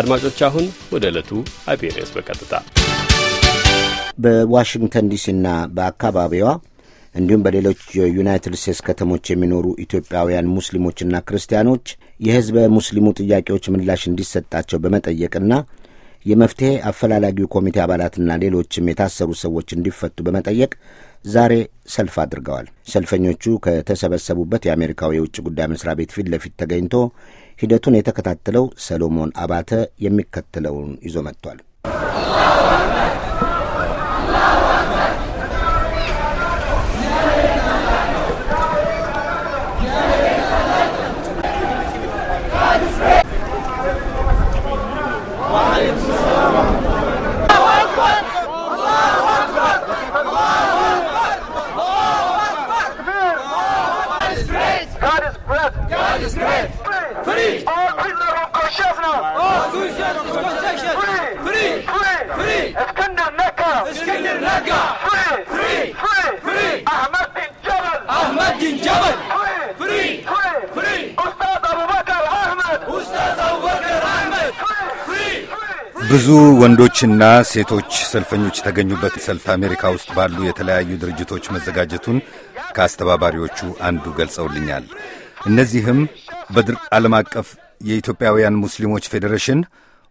አድማጮች አሁን ወደ ዕለቱ አብይ በቀጥታ በዋሽንግተን ዲሲና በአካባቢዋ እንዲሁም በሌሎች የዩናይትድ ስቴትስ ከተሞች የሚኖሩ ኢትዮጵያውያን ሙስሊሞችና ክርስቲያኖች የህዝበ ሙስሊሙ ጥያቄዎች ምላሽ እንዲሰጣቸው በመጠየቅና የመፍትሔ አፈላላጊው ኮሚቴ አባላትና ሌሎችም የታሰሩ ሰዎች እንዲፈቱ በመጠየቅ ዛሬ ሰልፍ አድርገዋል። ሰልፈኞቹ ከተሰበሰቡበት የአሜሪካው የውጭ ጉዳይ መስሪያ ቤት ፊት ለፊት ተገኝቶ ሂደቱን የተከታተለው ሰሎሞን አባተ የሚከተለውን ይዞ መጥቷል። ብዙ ወንዶችና ሴቶች ሰልፈኞች የተገኙበት ሰልፍ አሜሪካ ውስጥ ባሉ የተለያዩ ድርጅቶች መዘጋጀቱን ከአስተባባሪዎቹ አንዱ ገልጸውልኛል። እነዚህም በድርቅ ዓለም አቀፍ የኢትዮጵያውያን ሙስሊሞች ፌዴሬሽን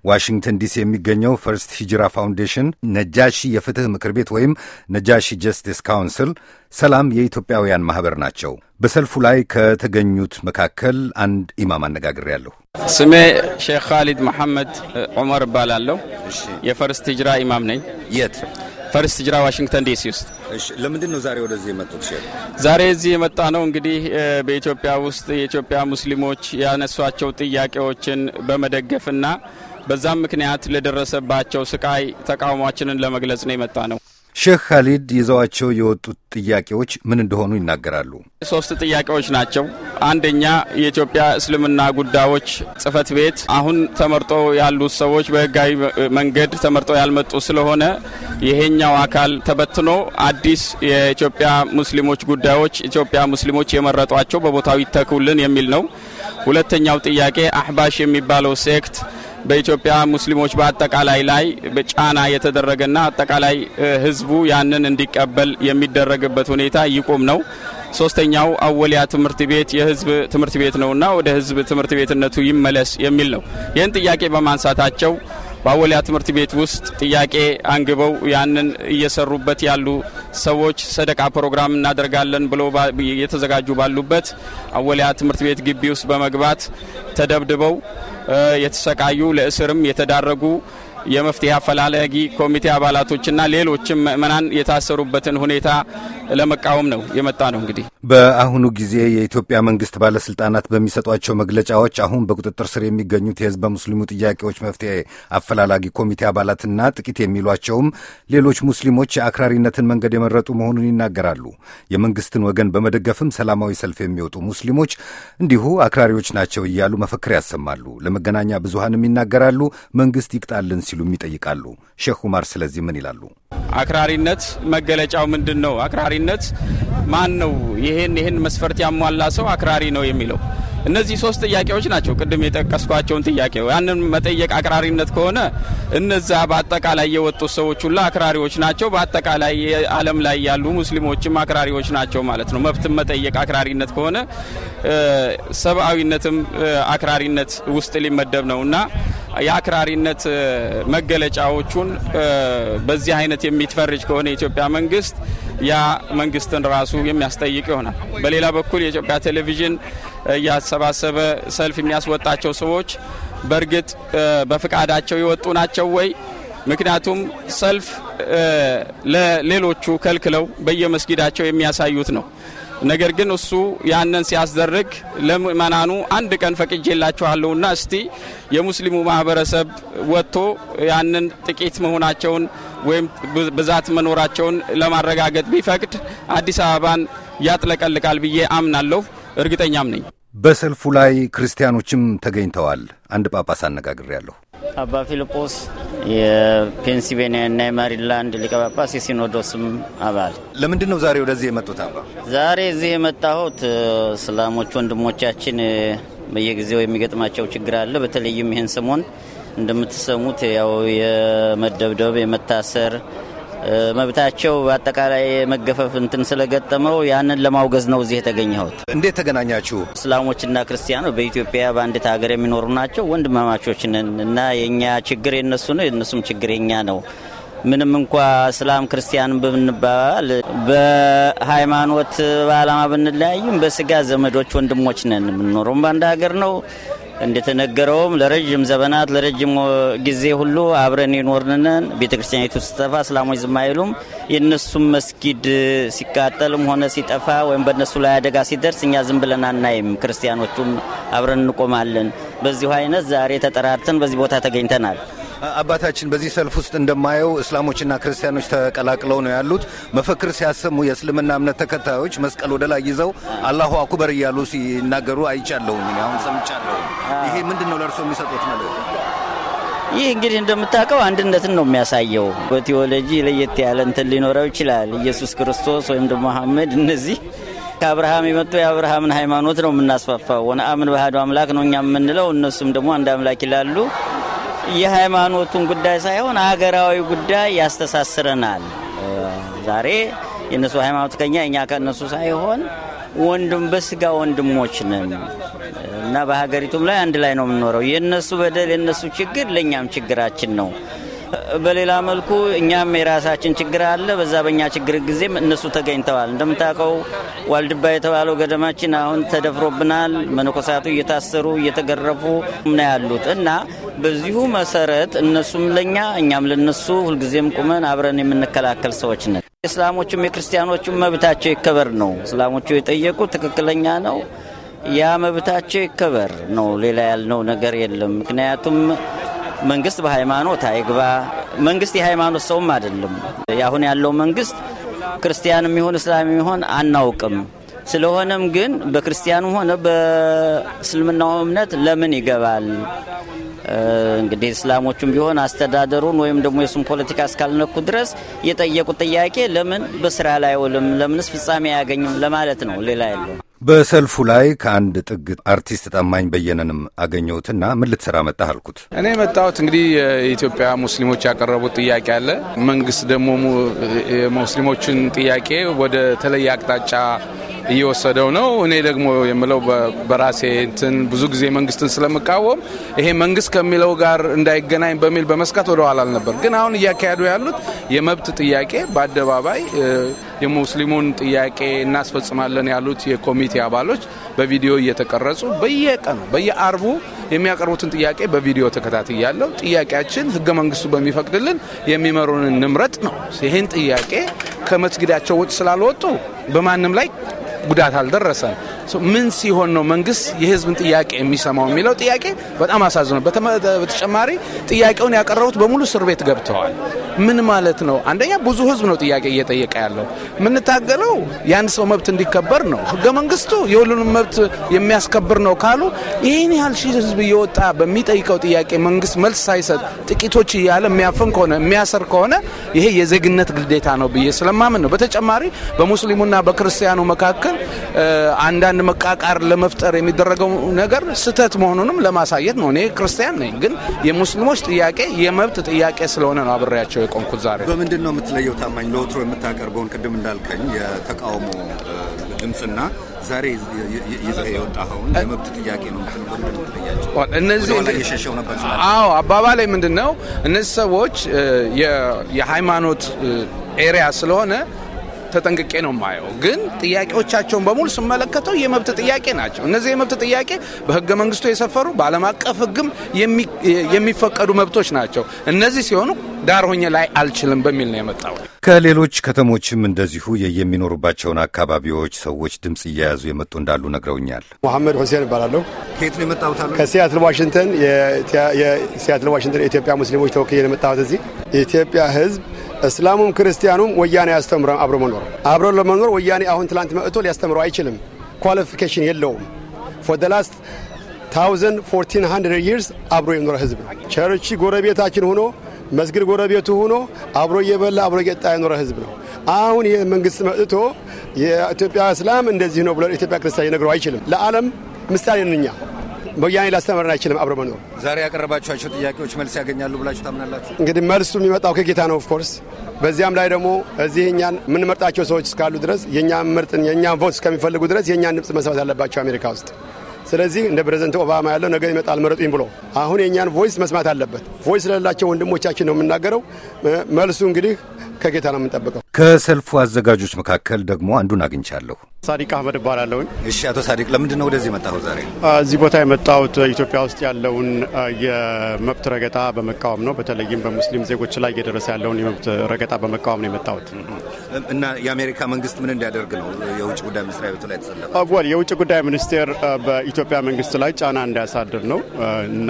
ዋሽንግተን ዲሲ የሚገኘው ፈርስት ሂጅራ ፋውንዴሽን፣ ነጃሺ የፍትህ ምክር ቤት ወይም ነጃሺ ጀስቲስ ካውንስል፣ ሰላም የኢትዮጵያውያን ማኅበር ናቸው። በሰልፉ ላይ ከተገኙት መካከል አንድ ኢማም አነጋግሬያለሁ። ስሜ ሼክ ካሊድ መሐመድ ዑመር እባላለሁ። የፈርስት ሂጅራ ኢማም ነኝ። የት? ፈርስት ሂጅራ ዋሽንግተን ዲሲ ውስጥ። ለምንድን ነው ዛሬ ወደዚህ የመጡት? ዛሬ እዚህ የመጣ ነው እንግዲህ በኢትዮጵያ ውስጥ የኢትዮጵያ ሙስሊሞች ያነሷቸው ጥያቄዎችን በመደገፍና በዛም ምክንያት ለደረሰባቸው ስቃይ ተቃውሟችንን ለመግለጽ ነው የመጣ ነው። ሼህ ካሊድ ይዘዋቸው የወጡት ጥያቄዎች ምን እንደሆኑ ይናገራሉ። ሶስት ጥያቄዎች ናቸው። አንደኛ የኢትዮጵያ እስልምና ጉዳዮች ጽህፈት ቤት አሁን ተመርጦ ያሉት ሰዎች በህጋዊ መንገድ ተመርጦ ያልመጡ ስለሆነ ይሄኛው አካል ተበትኖ አዲስ የኢትዮጵያ ሙስሊሞች ጉዳዮች ኢትዮጵያ ሙስሊሞች የመረጧቸው በቦታው ይተኩልን የሚል ነው። ሁለተኛው ጥያቄ አህባሽ የሚባለው ሴክት በኢትዮጵያ ሙስሊሞች በአጠቃላይ ላይ ጫና የተደረገና አጠቃላይ ህዝቡ ያንን እንዲቀበል የሚደረግበት ሁኔታ ይቁም ነው። ሶስተኛው አወሊያ ትምህርት ቤት የህዝብ ትምህርት ቤት ነውና ወደ ህዝብ ትምህርት ቤትነቱ ይመለስ የሚል ነው። ይህን ጥያቄ በማንሳታቸው በአወሊያ ትምህርት ቤት ውስጥ ጥያቄ አንግበው ያንን እየሰሩበት ያሉ ሰዎች ሰደቃ ፕሮግራም እናደርጋለን ብሎ የተዘጋጁ ባሉበት አወሊያ ትምህርት ቤት ግቢ ውስጥ በመግባት ተደብድበው የተሰቃዩ ለእስርም የተዳረጉ የመፍትሄ አፈላላጊ ኮሚቴ አባላቶችና ሌሎችም ምእመናን የታሰሩበትን ሁኔታ ለመቃወም ነው የመጣ ነው። እንግዲህ በአሁኑ ጊዜ የኢትዮጵያ መንግስት ባለስልጣናት በሚሰጧቸው መግለጫዎች አሁን በቁጥጥር ስር የሚገኙት የህዝበ ሙስሊሙ ጥያቄዎች መፍትሄ አፈላላጊ ኮሚቴ አባላትና ጥቂት የሚሏቸውም ሌሎች ሙስሊሞች የአክራሪነትን መንገድ የመረጡ መሆኑን ይናገራሉ። የመንግስትን ወገን በመደገፍም ሰላማዊ ሰልፍ የሚወጡ ሙስሊሞች እንዲሁ አክራሪዎች ናቸው እያሉ መፈክር ያሰማሉ። ለመገናኛ ብዙሃንም ይናገራሉ። መንግስት ይቅጣልን ሲ ሲሉም ይጠይቃሉ። ሼክ ኡማር ስለዚህ ምን ይላሉ? አክራሪነት መገለጫው ምንድን ነው? አክራሪነት ማን ነው? ይሄን ይህን መስፈርት ያሟላ ሰው አክራሪ ነው የሚለው እነዚህ ሶስት ጥያቄዎች ናቸው ቅድም የጠቀስኳቸውን ጥያቄ ያንን መጠየቅ አክራሪነት ከሆነ እነዛ በአጠቃላይ የወጡት ሰዎች ሁላ አክራሪዎች ናቸው። በአጠቃላይ አለም ላይ ያሉ ሙስሊሞችም አክራሪዎች ናቸው ማለት ነው። መብትን መጠየቅ አክራሪነት ከሆነ ሰብአዊነትም አክራሪነት ውስጥ ሊመደብ ነው እና የአክራሪነት መገለጫዎቹን በዚህ አይነት የሚትፈርጅ ከሆነ የኢትዮጵያ መንግስት ያ መንግስትን ራሱ የሚያስጠይቅ ይሆናል። በሌላ በኩል የኢትዮጵያ ቴሌቪዥን እያሰባሰበ ሰልፍ የሚያስወጣቸው ሰዎች በእርግጥ በፍቃዳቸው የወጡ ናቸው ወይ? ምክንያቱም ሰልፍ ለሌሎቹ ከልክለው በየመስጊዳቸው የሚያሳዩት ነው። ነገር ግን እሱ ያንን ሲያስደርግ ለምእመናኑ አንድ ቀን ፈቅጄላችኋለሁና እስቲ የሙስሊሙ ማህበረሰብ ወጥቶ ያንን ጥቂት መሆናቸውን ወይም ብዛት መኖራቸውን ለማረጋገጥ ቢፈቅድ አዲስ አበባን ያጥለቀልቃል ብዬ አምናለሁ፣ እርግጠኛም ነኝ። በሰልፉ ላይ ክርስቲያኖችም ተገኝተዋል። አንድ ጳጳስ አነጋግሬያለሁ። አባ ፊልጶስ የፔንሲልቬኒያ እና የማሪላንድ ሊቀ ጳጳስ የሲኖዶስም አባል። ለምንድን ነው ዛሬ ወደዚህ የመጡት አባ? ዛሬ እዚህ የመጣሁት እስላሞች ወንድሞቻችን በየጊዜው የሚገጥማቸው ችግር አለ። በተለይም ይህን ሰሞን እንደምትሰሙት ያው የመደብደብ የመታሰር መብታቸው በአጠቃላይ መገፈፍ እንትን ስለገጠመው ያንን ለማውገዝ ነው እዚህ የተገኘሁት። እንዴት ተገናኛችሁ? እስላሞችና ክርስቲያኖች በኢትዮጵያ በአንዲት ሀገር የሚኖሩ ናቸው። ወንድማማቾች ነን እና የእኛ ችግር የነሱ ነው፣ የነሱም ችግር የኛ ነው። ምንም እንኳ እስላም ክርስቲያን ብንባል በሃይማኖት በዓላማ ብንለያይም በስጋ ዘመዶች ወንድሞች ነን። የምንኖረውም በአንድ ሀገር ነው። እንደተነገረውም ለረዥም ዘመናት ለረዥም ጊዜ ሁሉ አብረን የኖርንነን ቤተ ክርስቲያኒቱ ስትጠፋ እስላሞች ዝም አይሉም። የእነሱም መስጊድ ሲቃጠልም ሆነ ሲጠፋ ወይም በእነሱ ላይ አደጋ ሲደርስ እኛ ዝም ብለን አናይም። ክርስቲያኖቹም አብረን እንቆማለን። በዚሁ አይነት ዛሬ ተጠራርተን በዚህ ቦታ ተገኝተናል። አባታችን በዚህ ሰልፍ ውስጥ እንደማየው እስላሞችና ክርስቲያኖች ተቀላቅለው ነው ያሉት። መፈክር ሲያሰሙ የእስልምና እምነት ተከታዮች መስቀል ወደ ላይ ይዘው አላሁ አኩበር እያሉ ሲናገሩ አይቻለሁ አሁን ሰምቻለሁ። ይሄ ምንድን ነው ለእርስዎ የሚሰጡት መልእክት? ይህ እንግዲህ እንደምታውቀው አንድነትን ነው የሚያሳየው። በቴዎሎጂ ለየት ያለ እንትን ሊኖረው ይችላል። ኢየሱስ ክርስቶስ ወይም ደሞ መሐመድ እነዚህ ከአብርሃም የመጡ የአብርሃምን ሃይማኖት ነው የምናስፋፋው። ወነአምን ባህዶ አምላክ ነው እኛ የምንለው፣ እነሱም ደግሞ አንድ አምላክ ይላሉ። የሃይማኖቱን ጉዳይ ሳይሆን ሀገራዊ ጉዳይ ያስተሳስረናል። ዛሬ የእነሱ ሃይማኖት ከኛ እኛ ከእነሱ ሳይሆን ወንድም በስጋ ወንድሞች ነን እና በሀገሪቱም ላይ አንድ ላይ ነው የምንኖረው። የእነሱ በደል የእነሱ ችግር ለእኛም ችግራችን ነው። በሌላ መልኩ እኛም የራሳችን ችግር አለ። በዛ በእኛ ችግር ጊዜም እነሱ ተገኝተዋል። እንደምታውቀው ዋልድባ የተባለው ገደማችን አሁን ተደፍሮብናል። መነኮሳቱ እየታሰሩ እየተገረፉ ነው ያሉት እና በዚሁ መሰረት እነሱም ለእኛ እኛም ለነሱ ሁልጊዜም ቁመን አብረን የምንከላከል ሰዎች ነን። እስላሞቹም የክርስቲያኖቹም መብታቸው ይከበር ነው። እስላሞቹ የጠየቁ ትክክለኛ ነው። ያ መብታቸው ይከበር ነው። ሌላ ያልነው ነገር የለም። ምክንያቱም መንግስት በሃይማኖት አይግባ። መንግስት የሃይማኖት ሰውም አይደለም። አሁን ያለው መንግስት ክርስቲያን የሚሆን እስላም የሚሆን አናውቅም። ስለሆነም ግን በክርስቲያኑም ሆነ በእስልምናው እምነት ለምን ይገባል? እንግዲህ እስላሞቹም ቢሆን አስተዳደሩን ወይም ደግሞ የሱን ፖለቲካ እስካልነኩ ድረስ የጠየቁት ጥያቄ ለምን በስራ ላይ ውልም ለምንስ ፍጻሜ አያገኝም ለማለት ነው። ሌላ የለው። በሰልፉ ላይ ከአንድ ጥግ አርቲስት ጠማኝ በየነንም አገኘሁትና ምን ልትሰራ መጣህ አልኩት። እኔ መጣሁት እንግዲህ የኢትዮጵያ ሙስሊሞች ያቀረቡት ጥያቄ አለ። መንግስት ደግሞ የሙስሊሞችን ጥያቄ ወደ ተለየ አቅጣጫ እየወሰደው ነው። እኔ ደግሞ የምለው በራሴ እንትን ብዙ ጊዜ መንግስትን ስለምቃወም ይሄ መንግስት ከሚለው ጋር እንዳይገናኝ በሚል በመስጋት ወደኋላ አልነበር። ግን አሁን እያካሄዱ ያሉት የመብት ጥያቄ በአደባባይ የሙስሊሙን ጥያቄ እናስፈጽማለን ያሉት የኮሚቴ አባሎች በቪዲዮ እየተቀረጹ በየቀኑ በየአርቡ የሚያቀርቡትን ጥያቄ በቪዲዮ ተከታትያለሁ። ጥያቄያችን ህገ መንግስቱ በሚፈቅድልን የሚመሩንን ንምረጥ ነው። ይህን ጥያቄ ከመስጊዳቸው ውጭ ስላልወጡ በማንም ላይ ጉዳት አልደረሰም። ምን ሲሆን ነው መንግስት የህዝብን ጥያቄ የሚሰማው የሚለው ጥያቄ በጣም አሳዝኖ፣ በተጨማሪ ጥያቄውን ያቀረቡት በሙሉ እስር ቤት ገብተዋል። ምን ማለት ነው? አንደኛ ብዙ ህዝብ ነው ጥያቄ እየጠየቀ ያለው። የምንታገለው የአንድ ሰው መብት እንዲከበር ነው። ህገ መንግስቱ የሁሉንም መብት የሚያስከብር ነው ካሉ ይህን ያህል ሺህ ህዝብ እየወጣ በሚጠይቀው ጥያቄ መንግስት መልስ ሳይሰጥ ጥቂቶች እያለ የሚያፍን ከሆነ የሚያሰር ከሆነ ይሄ የዜግነት ግዴታ ነው ብዬ ስለማምን ነው። በተጨማሪ በሙስሊሙና በክርስቲያኑ መካከል አንዳንድ መቃቃር ለመፍጠር የሚደረገው ነገር ስህተት መሆኑንም ለማሳየት ነው። እኔ ክርስቲያን ነኝ፣ ግን የሙስሊሞች ጥያቄ የመብት ጥያቄ ስለሆነ ነው አብሬያቸው የቆምኩት። ዛሬ በምንድን ነው የምትለየው? ታማኝ ለወትሮ የምታቀርበውን ቅድም እንዳልከኝ የተቃውሞ ድምፅና ዛሬ ይዘህ የወጣኸውን የመብት ጥያቄ ነው የምትለያቸው? አዎ ምንድን ነው? እነዚህ ሰዎች የሃይማኖት ኤሪያ ስለሆነ ተጠንቅቄ ነው የማየው። ግን ጥያቄዎቻቸውን በሙሉ ስመለከተው የመብት ጥያቄ ናቸው። እነዚህ የመብት ጥያቄ በህገ መንግስቱ የሰፈሩ በዓለም አቀፍ ህግም የሚፈቀዱ መብቶች ናቸው። እነዚህ ሲሆኑ ዳር ሆኜ ላይ አልችልም በሚል ነው የመጣው። ከሌሎች ከተሞችም እንደዚሁ የሚኖሩባቸውን አካባቢዎች ሰዎች ድምፅ እያያዙ የመጡ እንዳሉ ነግረውኛል። መሐመድ ሁሴን እባላለሁ። ከየት ነው የመጣሁት? ከሲያትል ዋሽንግተን፣ የሲያትል ዋሽንግተን የኢትዮጵያ ሙስሊሞች ተወክዬ የመጣሁት። እዚህ የኢትዮጵያ ህዝብ እስላሙም ክርስቲያኑም ወያኔ ያስተምረ አብሮ መኖር አብሮ ለመኖር ወያኔ አሁን ትላንት መጥቶ ሊያስተምረው አይችልም። ኳሊፊኬሽን የለውም። ፎር ደ ላስት ታውዘንድ ፎርቲን ሀንድረድ ይርስ አብሮ የኖረ ህዝብ ነው። ቸርች ጎረቤታችን ሆኖ መስጊድ ጎረቤቱ ሆኖ አብሮ እየበላ አብሮ እየጠጣ የኖረ ህዝብ ነው። አሁን ይህ መንግስት መጥቶ የኢትዮጵያ እስላም እንደዚህ ነው ብሎ ኢትዮጵያ ክርስቲያን ሊነግረው አይችልም። ለዓለም ምሳሌ ነን እኛ። ወያኔ ላስተምረን አይችልም አብረ መኖር። ዛሬ ያቀረባችኋቸው ጥያቄዎች መልስ ያገኛሉ ብላችሁ ታምናላችሁ? እንግዲህ መልሱ የሚመጣው ከጌታ ነው ኦፍኮርስ። በዚያም ላይ ደግሞ እዚህ እኛን የምንመርጣቸው ሰዎች እስካሉ ድረስ የእኛን ምርጥን የእኛን ቮት እስከሚፈልጉ ድረስ የእኛን ድምፅ መስማት አለባቸው አሜሪካ ውስጥ ስለዚህ እንደ ፕሬዝደንት ኦባማ ያለው ነገር ይመጣል መረጡኝ ብሎ አሁን የእኛን ቮይስ መስማት አለበት። ቮይስ ለሌላቸው ወንድሞቻችን ነው የምናገረው። መልሱ እንግዲህ ከጌታ ነው የምንጠብቀው። ከሰልፉ አዘጋጆች መካከል ደግሞ አንዱን አግኝቻለሁ። ሳዲቅ አህመድ እባላለሁ። እሺ፣ አቶ ሳዲቅ ለምንድን ነው ወደዚህ መጣሁ? ዛሬ? እዚህ ቦታ የመጣሁት ኢትዮጵያ ውስጥ ያለውን የመብት ረገጣ በመቃወም ነው። በተለይም በሙስሊም ዜጎች ላይ እየደረሰ ያለውን የመብት ረገጣ በመቃወም ነው የመጣሁት እና የአሜሪካ መንግስት ምን እንዲያደርግ ነው የውጭ ጉዳይ ሚኒስትር ቤቱ ላይ ተሰለፈ። የውጭ ጉዳይ ሚኒስቴር በኢትዮጵያ መንግስት ላይ ጫና እንዳያሳድር ነው እና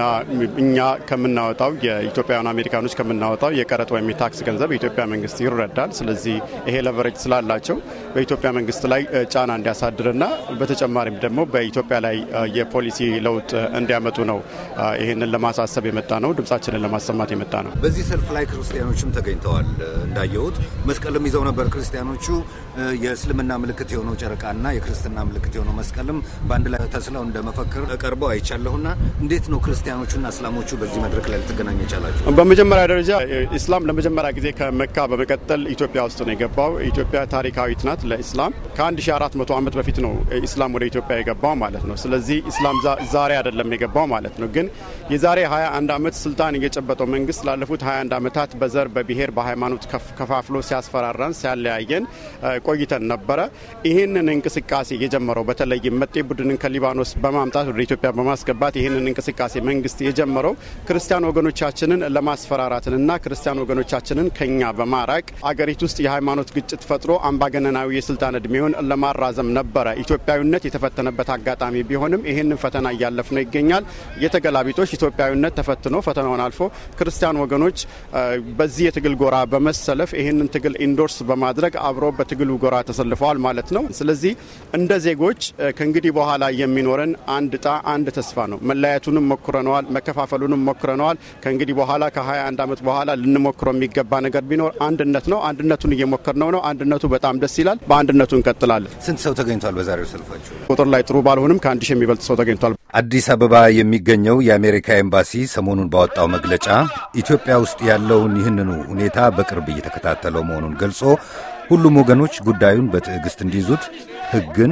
እኛ ከምናወጣው የኢትዮጵያውያን አሜሪካኖች ከምናወጣው የቀረጥ ወይም የታክስ ገንዘብ የኢትዮጵያ መንግስት ይረዳል። ስለዚህ ይሄ ለቨሬጅ ስላላቸው በኢትዮጵያ መንግስት ላይ ጫና እንዲያሳድርና በተጨማሪም ደግሞ በኢትዮጵያ ላይ የፖሊሲ ለውጥ እንዲያመጡ ነው። ይህንን ለማሳሰብ የመጣ ነው። ድምጻችንን ለማሰማት የመጣ ነው። በዚህ ሰልፍ ላይ ክርስቲያኖችም ተገኝተዋል። እንዳየሁት መስቀልም ይዘው ነበር ክርስቲያኖቹ። የእስልምና ምልክት የሆነው ጨረቃና የክርስትና ምልክት የሆነው መስቀልም በአንድ ላይ ተስለው እንደ መፈክር ቀርበው አይቻለሁና እንዴት ነው ክርስቲያኖቹና እስላሞቹ በዚህ መድረክ ላይ ልትገናኙ ይቻላችሁ? በመጀመሪያ ደረጃ ኢስላም ለመጀመሪያ ጊዜ ከመካ በመቀጠል ኢትዮጵያ ውስጥ ነው የገባው። ኢትዮጵያ ታሪካዊት ናት ለኢስላም። ከ1400 ዓመት በፊት ነው ኢስላም ወደ ኢትዮጵያ የገባው ማለት ነው። ስለዚህ ኢስላም ዛሬ አይደለም የገባው ማለት ነው። ግን የዛሬ 21 ዓመት ስልጣን የጨበጠው መንግስት ላለፉት 21 ዓመታት በዘር በብሔር በሃይማኖት ከፋፍሎ ሲያስፈራራን ሲያለያየን ቆይተን ነበረ። ይህንን እንቅስቃሴ የጀመረው በተለይም መጤ ቡድንን ከሊባኖስ በማምጣት ወደ ኢትዮጵያ በማስገባት ይህንን እንቅስቃሴ መንግስት የጀመረው ክርስቲያን ወገኖቻችንን ለማስፈራራትንና ክርስቲያን ወገኖቻችንን ከኛ በማራቅ አገሪቱ ውስጥ የሃይማኖት ግጭት ፈጥሮ አምባገነናዊ የስልጣን እድሜውን ለማራዘም ነበረ ኢትዮጵያዊነት የተፈተነበት አጋጣሚ ቢሆንም ይህንን ፈተና እያለፍ ነው ይገኛል። የተገላቢጦች ኢትዮጵያዊነት ተፈትኖ ፈተናውን አልፎ ክርስቲያን ወገኖች በዚህ የትግል ጎራ በመሰለፍ ይህንን ትግል ኢንዶርስ በማድረግ አብሮ በትግሉ ጎራ ተሰልፈዋል ማለት ነው። ስለዚህ እንደ ዜጎች ከእንግዲህ በኋላ የሚኖረን አንድ እጣ አንድ ተስፋ ነው። መለያየቱንም ሞክረነዋል፣ መከፋፈሉንም ሞክረነዋል። ከእንግዲህ በኋላ ከ21 ዓመት በኋላ ልንሞክረው የሚገባ ነገር ቢኖር አንድነት ነው። አንድነቱን እየሞከርነው ነው። አንድነቱ በጣም ደስ ይላል። በአንድነቱ እንቀጥላለን። ስንት ሰው ተገኝቷል በዛሬው ሰልፋቸው? ቁጥር ላይ ጥሩ ባልሆንም ከአንድ ሺህ የሚበልጥ ሰው ተገኝቷል። አዲስ አበባ የሚገኘው የአሜሪካ ኤምባሲ ሰሞኑን ባወጣው መግለጫ ኢትዮጵያ ውስጥ ያለውን ይህንኑ ሁኔታ በቅርብ እየተከታተለው መሆኑን ገልጾ ሁሉም ወገኖች ጉዳዩን በትዕግስት እንዲይዙት ሕግን